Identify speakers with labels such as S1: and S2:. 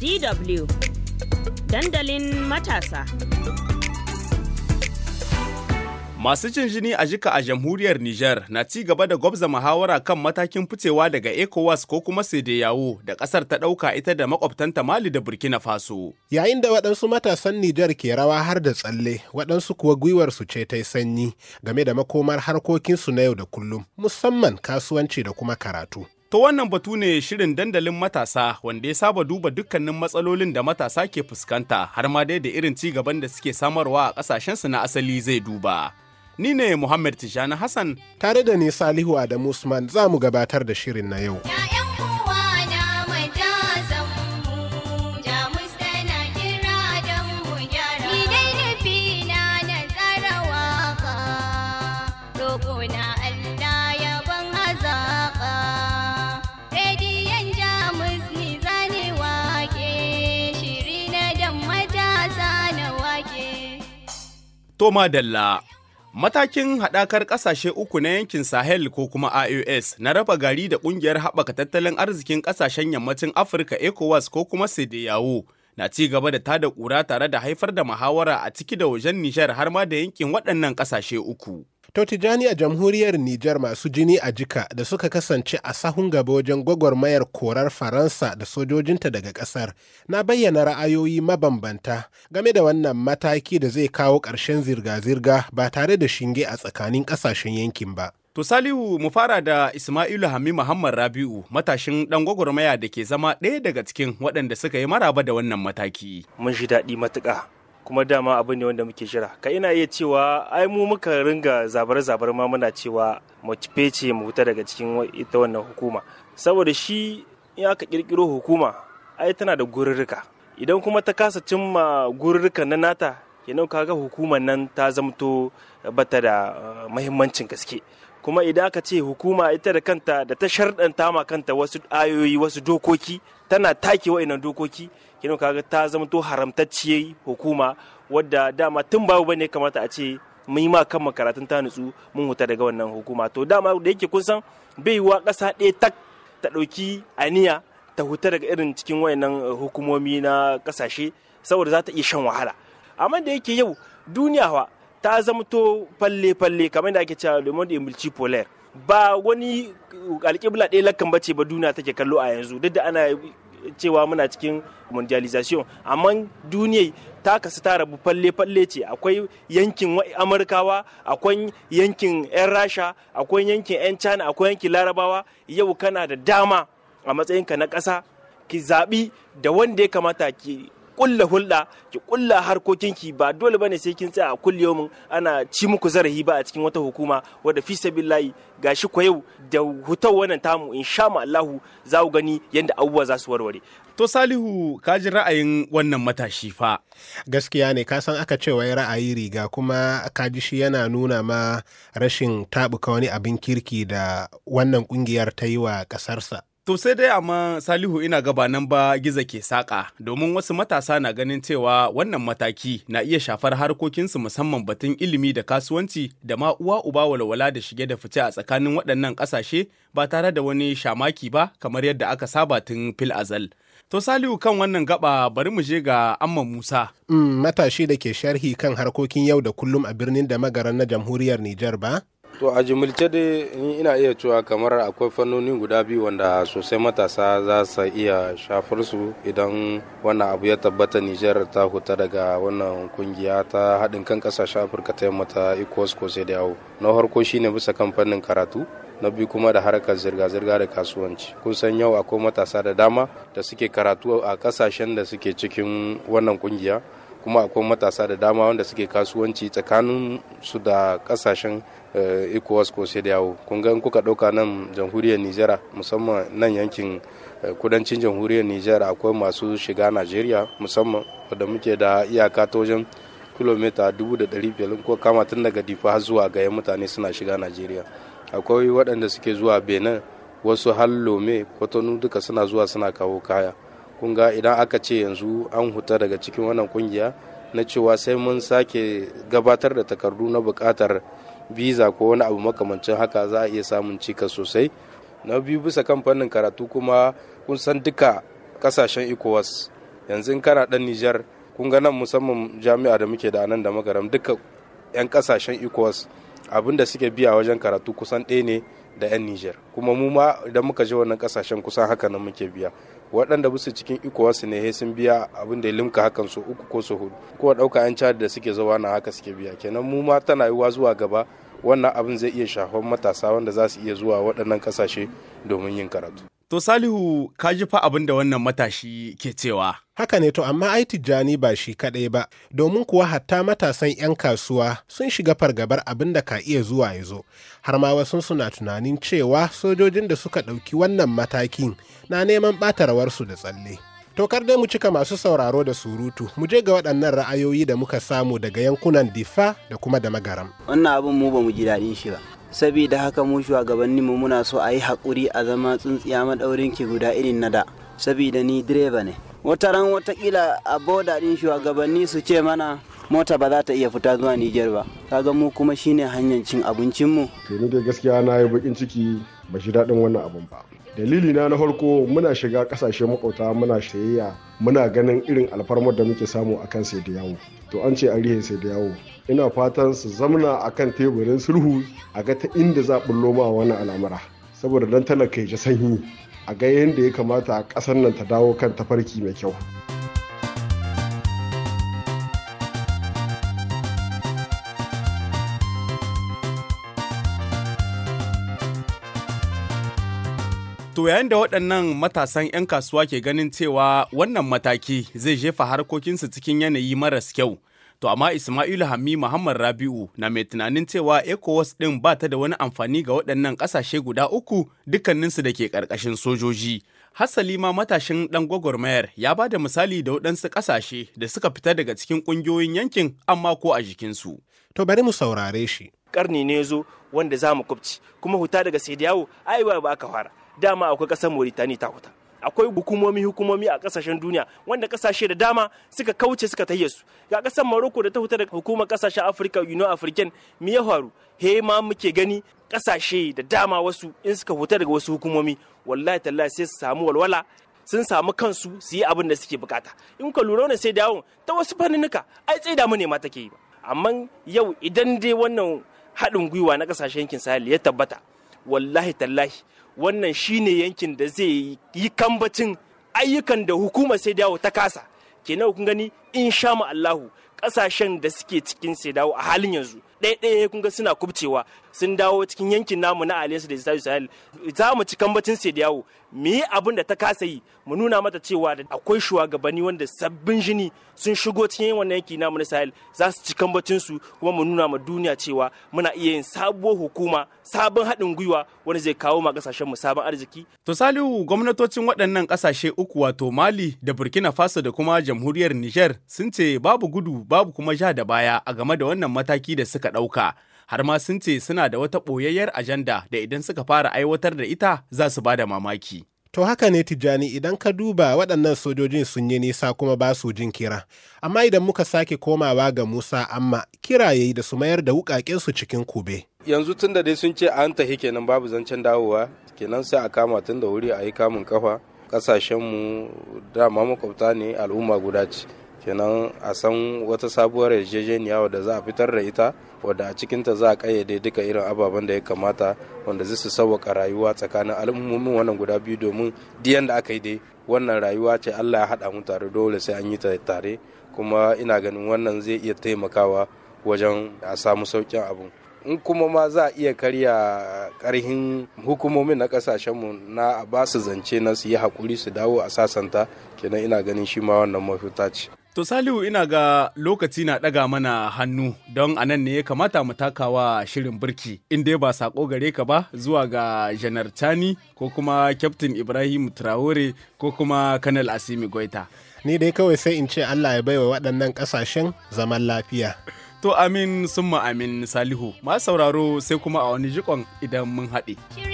S1: DW dandalin matasa.
S2: Masu cin jini a jika a jamhuriyar Nijar na ci gaba da gwabza muhawara kan matakin ficewa daga ECOWAS ko kuma yawo da ƙasar ta ɗauka ita da makwabtanta Mali da Burkina Faso.
S3: Yayin da waɗansu matasan Nijar ke rawa har da tsalle, waɗansu kuwa gwiwarsu ce ta yi sanyi game da makomar harkokinsu na yau da kullum, musamman kasuwanci da kuma karatu.
S2: To wannan batu ne shirin dandalin matasa wanda ya saba duba dukkanin matsalolin da matasa ke fuskanta har ma dai da irin ci gaban da suke samarwa a su na asali zai duba. Ni ne Muhammad
S3: Tijjani Hassan. Tare da ni Salihu Adamu Usman za mu gabatar da shirin na yau.
S4: na Allah
S2: Toma Dalla. Matakin haɗakar ƙasashe uku na yankin Sahel ko kuma IOS na raba gari da ƙungiyar haɓaka tattalin arzikin ƙasashen yammacin Afirka ECOWAS ko kuma yawo. na ci gaba da tada ƙura tare da haifar da muhawara a ciki da wajen Nijar har ma da yankin waɗannan ƙasashe uku.
S3: To a jamhuriyar Nijar masu jini a jika da suka kasance a sahun gaba wajen gwagwarmayar korar Faransa da sojojinta daga ƙasar na bayyana ra'ayoyi mabambanta game da wannan mataki da zai kawo ƙarshen zirga-zirga ba tare da shinge a tsakanin ƙasashen yankin ba.
S2: To Saliu mu fara da Ismailu Hami Muhammad Rabi'u matashin dan gwagwarmaya da ke zama ɗaya daga cikin waɗanda suka yi maraba da wannan mataki. Mun shi daɗi matuka.
S1: kuma dama abu ne wanda muke jira. Ka ina iya cewa ai mu muka ringa zabar-zabar ma muna cewa mu fece mu huta daga cikin ita wannan hukuma. Saboda shi in aka kirkiro hukuma ai tana da gururuka. Idan kuma ta kasa cimma gururuka na nata kenan kaga hukumar nan ta zamto bata da eh, mahimmancin gaske kuma idan aka ce hukuma ita da kanta da ta sharɗanta ma kanta wasu ayoyi wasu dokoki tana take wa'inan dokoki kenan kaga ta zamto haramtacciye hukuma wadda dama tun babu bane kamata a ce mun yi ma kan makaratun ta nutsu mun huta daga wannan hukuma to dama da yake kun san baiwa kasa ɗaya tak ta ɗauki aniya ta huta daga irin cikin wayannan eh, hukumomi na kasashe saboda za ta iya shan wahala amma da yake yau duniya wa ta zamto falle-falle kamar da ake cewa le monde est polar ba wani alƙibla ɗaya lakan bace ba duniya take kallo a yanzu duk da ana cewa muna cikin mondialization amma duniya ta kasu ta rabu falle-falle ce akwai yankin amurkawa akwai yankin 'yan rasha akwai yankin 'yan china akwai yankin larabawa yau kana da dama a matsayinka na ƙasa ki zaɓi da wanda ya kamata ki kulla hulɗa ki kulla harkokinki ba dole bane sai kin tsaya a kulle yau ana ci muku zarafi ba a cikin wata hukuma wadda fi ga shi ko yau da hutar wannan tamu mu Allahu za ku gani yadda abubuwa za su warware to
S2: Salihu ka ji ra'ayin wannan matashi fa
S3: gaskiya ne ka san aka ce wai ra'ayi riga kuma ka ji shi yana nuna ma rashin tabuka wani abin kirki da wannan kungiyar ta yi wa kasarsa
S2: To sai dai amma Salihu ina gaba nan ba giza ke saƙa domin wasu matasa na ganin cewa wannan mataki na iya shafar harkokinsu musamman batun ilimi da kasuwanci da ma uwa uba walwala da shige da fice a tsakanin waɗannan ƙasashe ba tare da wani shamaki ba kamar yadda aka saba tun fil azal. To Salihu kan wannan gaba bari mu je ga amma Musa.
S3: Mm, matashi da ke sharhi kan harkokin yau da kullum a birnin da magaran na jamhuriyar Nijar ba?
S4: to a jimilce dai ina iya cewa kamar akwai fannoni guda biyu wanda sosai matasa za su iya shafar su idan wannan abu ya tabbata nijar ta huta daga wannan kungiya ta haɗin kan ƙasashen afirka ta yamma ta ko sai da yawo na farko shine bisa kan fannin karatu na biyu kuma da harkar zirga-zirga da kasuwanci kun san yau akwai matasa da dama da suke karatu a kasashen da suke cikin wannan kungiya kuma akwai matasa da dama wanda suke kasuwanci tsakanin su da kasashen eh, ecowas ko sai da yawo kunga kuka ɗauka nan jamhuriyar nijera musamman nan yankin eh, kudancin jamhuriyar nijar akwai masu shiga nigeria musamman wadda muke da iyaka ta wajen kilomita 1500 ko kama tun daga difa har zuwa gaya mutane suna shiga najeriya akwai waɗanda suke zuwa benin wasu har lome duka suna zuwa suna kawo kaya kun ga idan aka ce yanzu an huta daga cikin wannan kungiya na cewa sai mun sake gabatar da takardu na bukatar visa ko wani abu makamancin haka za a iya samun cika sosai na biyu bisa kan fannin karatu kuma kun san duka kasashen ecowas yanzu kana dan nijar kun ga nan musamman jami'a da muke da anan da magaram duka 'yan kasashen ecowas abin da suke biya wajen karatu kusan ɗaya ne da 'yan nijar kuma mu ma idan muka je wannan kasashen kusan haka nan muke biya waɗanda busu cikin ikowarsu ne sun biya abin da ya limka hakan so uku ko so hudu ko ɗauka yan cadi da suke zawa na haka suke biya kenan mu ma tana yiwuwa zuwa gaba wannan abin zai iya shafan matasa wanda za su iya zuwa waɗannan ƙasashe domin yin karatu
S2: To Salihu ka ji fa abin da wannan matashi ke cewa.
S3: Haka ne to amma ai tijjani ba shi kaɗai ba, domin kuwa hatta matasan 'yan kasuwa sun shiga fargabar abin da ka iya zuwa ya zo, har ma wasu suna tunanin cewa sojojin da suka ɗauki wannan matakin na neman ɓata da tsalle. To kar dai mu cika masu sauraro da surutu, mu je ga waɗannan ra'ayoyi da muka samu daga yankunan Difa da kuma da Magaram.
S2: Wannan abin mu ba mu ji daɗin shi ba. Sabida haka mu shugabanni mu muna so a yi haƙuri a zama tsuntsiya maɗaurin ki guda irin na da saboda ni direba ne wata ran watakila a boda ɗin shugabanni su ce mana mota ba za ta iya fita zuwa Nijar ba kaga mu kuma shine hanyar cin abincinmu
S3: to ni dai gaskiya na yi bakin ciki ba shi daɗin wannan abun ba dalili na na farko muna shiga kasashe makwauta muna sayayya muna ganin irin alfarmar da muke samu akan sai da yawo to an ce an rihe sai da yawo ina fatan su zamna kan teburin sulhu a ga ta inda za bullo ma wani al'amura saboda dan talaka ya sanyi a ga yadda ya kamata a ƙasar nan ta dawo kan tafarki mai kyau.
S2: To yayin da waɗannan matasan 'yan kasuwa ke ganin cewa wannan mataki zai jefa harkokinsu cikin yanayi maras kyau. To amma Ismailu Hammi Muhammad Rabi'u na mai tunanin cewa ECOWAS ɗin ba ta da wani amfani ga waɗannan ƙasashe guda uku dukkaninsu da ke ƙarƙashin sojoji. Hassali ma matashin ɗan gwagwarmayar ya ba da misali da waɗansu ƙasashe da suka fita daga cikin ƙungiyoyin yankin amma ko a jikinsu.
S3: To bari mu saurare shi.
S1: Karni ne zo wanda za mu kubci kuma huta daga sai yawo ai ba aka fara. dama akwai kasar Mauritania ta huta akwai hukumomi hukumomi a kasashen duniya wanda kasashe da dama suka kauce suka tayye su ga kasar maroko da ta huta da hukumar kasashen Africa Union African mi ya faru he ma muke gani kasashe da dama wasu in suka huta daga wasu hukumomi wallahi tallahi sai su samu walwala sun samu kansu su yi abin da suke bukata in ka lura ne sai dawo ta wasu fannunuka ai da mu ne ma take yi ba amma yau idan dai wannan haɗin gwiwa na kasashen yankin sahel ya tabbata wallahi tallahi wannan shine yankin da zai yi kambacin ayyukan da hukumar sai dawo ta kasa kenan kun gani in sha Allahu kasashen da suke cikin sai dawo a halin yanzu ɗaya kun ga suna kubcewa sun dawo cikin yankin namu na aliyansu da Sahel za mu ci kambacin sai dawo mu yi abin da ta kasa yi mu nuna mata cewa da akwai shugabanni wanda sabbin jini sun shigo cikin wannan yanki namu na sahel za su ci kambacin su kuma mu nuna ma duniya cewa muna iya yin sabuwar hukuma sabon haɗin gwiwa wanda zai kawo ma kasashen mu sabon arziki to salihu
S2: gwamnatocin waɗannan ƙasashe uku wato mali da burkina faso da kuma jamhuriyar niger sun ce babu gudu babu kuma ja da baya a game da wannan mataki da suka ɗauka har ma sun ce suna da wata ɓoyayyar ajanda da idan suka fara aiwatar da ita za su ba da mamaki.
S3: To haka ne Tijjani idan ka duba waɗannan sojojin sun yi nisa kuma ba su jin kira. Amma idan muka sake komawa ga Musa amma kira yi da su mayar da su cikin kube.
S4: Yanzu tun da dai sun ce an tahi kenan babu zancen dawowa kenan sai a kama tun da wuri a yi kamun kafa ƙasashenmu dama makwabta ne al'umma guda ce. kenan a san wata sabuwar yarjejeniya wadda za a fitar da ita wadda a cikinta za a kayyade duka irin ababen da ya kamata wanda zai su sauwaka rayuwa tsakanin al'ummomin wannan guda biyu domin diyan da aka yi dai wannan rayuwa ce allah ya haɗa mu tare dole sai an yi ta tare kuma ina ganin wannan zai iya taimakawa wajen a samu sauƙin abu. in kuma ma za a iya karya karhin hukumomin na ƙasashenmu na a basu zance na su yi haƙuri su dawo a sasanta kenan ina ganin shi ma wannan mafita ce
S2: To Salihu ina ga lokaci na ɗaga mana hannu don a nan ne ya kamata mu takawa shirin birki in dai ba saƙo gare ka ba zuwa ga Janar Tani ko kuma Captain Ibrahim Traore
S3: ko kuma Kanal Asimi Goita. Ni dai kawai sai in ce Allah ya baiwa waɗannan ƙasashen zaman lafiya.
S2: To amin summa amin Salihu, ma sauraro sai kuma a wani jikon idan mun haɗe.